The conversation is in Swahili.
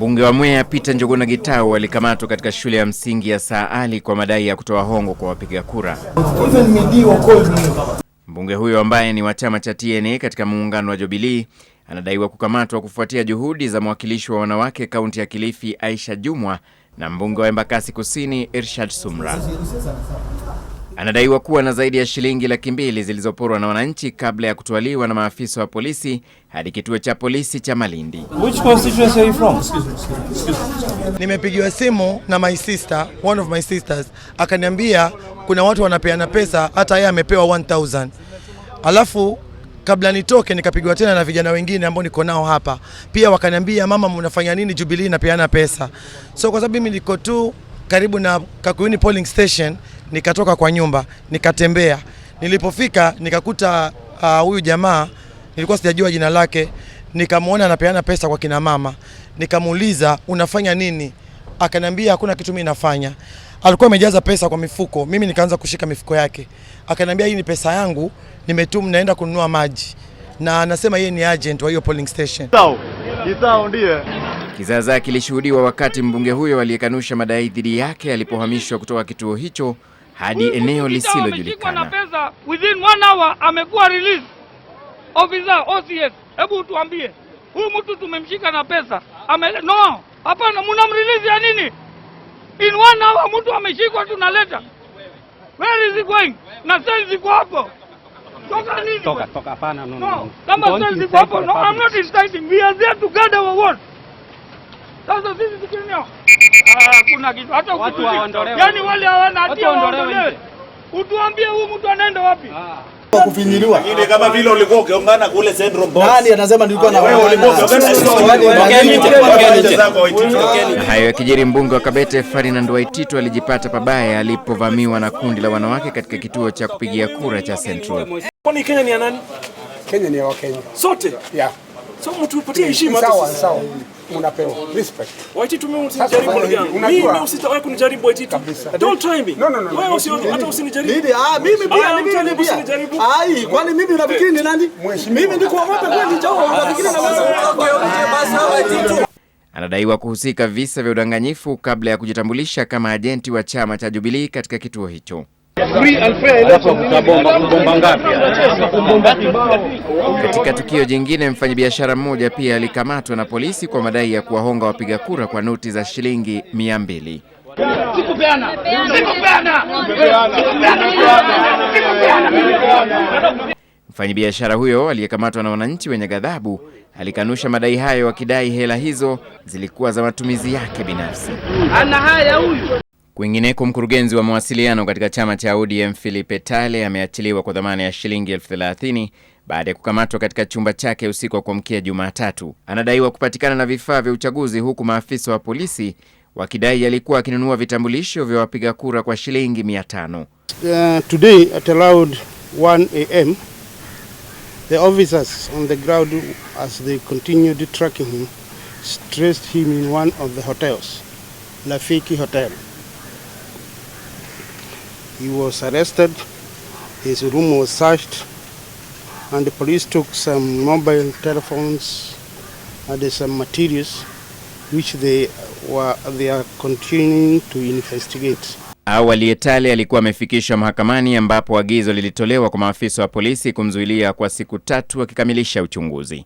Mbunge wa Mwea Peter Njuguna Gitau alikamatwa katika shule ya msingi ya Ali kwa madai ya kutoa hongo kwa wapiga kura. Mbunge huyo ambaye ni wa chama cha TNA katika muungano wa Jubilee anadaiwa kukamatwa kufuatia juhudi za mwakilishi wa wanawake kaunti ya Kilifi Aisha Jumwa na mbunge wa Embakasi Kusini Irshad Sumra. Anadaiwa kuwa na zaidi ya shilingi laki mbili zilizoporwa na wananchi kabla ya kutwaliwa na maafisa wa polisi hadi kituo cha polisi cha Malindi. Nimepigiwa simu na my sister, one of my sisters akaniambia kuna watu wanapeana pesa, hata yeye amepewa 1000 alafu kabla nitoke nikapigwa tena na vijana wengine ambao niko nao hapa pia, wakaniambia mama, mnafanya nini? Jubilee inapeana pesa. So kwa sababu mimi niko tu karibu na Kakuyuni polling station, nikatoka kwa nyumba nikatembea. Nilipofika nikakuta uh, huyu uh, jamaa nilikuwa sijajua jina lake, nikamwona anapeana pesa kwa kina mama, nikamuuliza unafanya nini? Akaniambia hakuna kitu mimi nafanya. Alikuwa amejaza pesa kwa mifuko, mimi nikaanza kushika mifuko yake. Akaniambia hii ni pesa yangu, nimetum naenda kununua maji, na anasema yeye ni agent wa hiyo polling station. Sawa, ndiye Kizaza kilishuhudiwa wakati mbunge huyo aliyekanusha madai dhidi yake alipohamishwa kutoka kituo hicho hadi eneo lisilojulikana. Within one hour amekuwa release. OCS, hebu tuambie huyu mtu tumemshika na pesa ame... no, hapana, mnamrelease ya nini? In one hour mtu ameshikwa, tunaleta where is he going? Na sasa ziko hapo toka nini? Toka toka, hapana, no, no, kama sasa ziko hapo, no, I'm not inciting, we are there to gather our sasa sisi tukinio hakuna ah, kitu hata watu waondolewe, yani wale hawana hatia waondolewe. Utuambie huyu mtu anaenda wapi? Ah. kufinyiliwa kama vile ulikuwa ukiongana kule Central Box. Nani anasema nilikuwa ah, na wewe ulikuwa? Hayo yakijiri, mbunge wa Kabete Ferdinand Waititu alijipata pabaya alipovamiwa na kundi la wanawake katika kituo cha kupigia kura cha Central. Kwani Kenya ni ya nani? Kenya ni ya Wakenya sote, yeah. So mtu upatie heshima sawa sawa unapewa respect. tu mimi Mimi usitawai kunijaribu Waititu. Don't try me. No, no, no. Wewe usio hata usinijaribu. Mimi ah mimi ah, pia mimi ni usinijaribu. Ai, kwani mimi unafikiri ni nani? Mimi ndiko wote kwani jao ah, unafikiri na wewe. Kwa hiyo basi tu. Anadaiwa kuhusika visa vya udanganyifu kabla ya kujitambulisha kama ajenti wa chama cha Jubilee katika kituo hicho. Katika tukio jingine, mfanyabiashara mmoja pia alikamatwa na polisi kwa madai ya kuwahonga wapiga kura kwa noti za shilingi mia mbili. Mfanyabiashara huyo aliyekamatwa na wananchi wenye ghadhabu alikanusha madai hayo, akidai hela hizo zilikuwa za matumizi yake binafsi. Ana haya huyu. Kwingineko, mkurugenzi wa mawasiliano katika chama cha ODM Philip Tale ameachiliwa kwa dhamana ya shilingi elfu thelathini baada ya kukamatwa katika chumba chake usiku wa kuamkia Jumatatu. Anadaiwa kupatikana na vifaa vya uchaguzi, huku maafisa wa polisi wakidai alikuwa akinunua vitambulisho vya wapiga kura kwa shilingi mia tano. Uh, today at around 1 am the officers on the ground as they continued tracking him stressed him in one of the hotels Lafiki Hotel He was arrested, his room was searched, and the police took some mobile telephones and some materials which they were, they are continuing to investigate. Awali Etale alikuwa amefikishwa mahakamani ambapo agizo lilitolewa kwa maafisa wa polisi kumzuilia kwa siku tatu akikamilisha uchunguzi.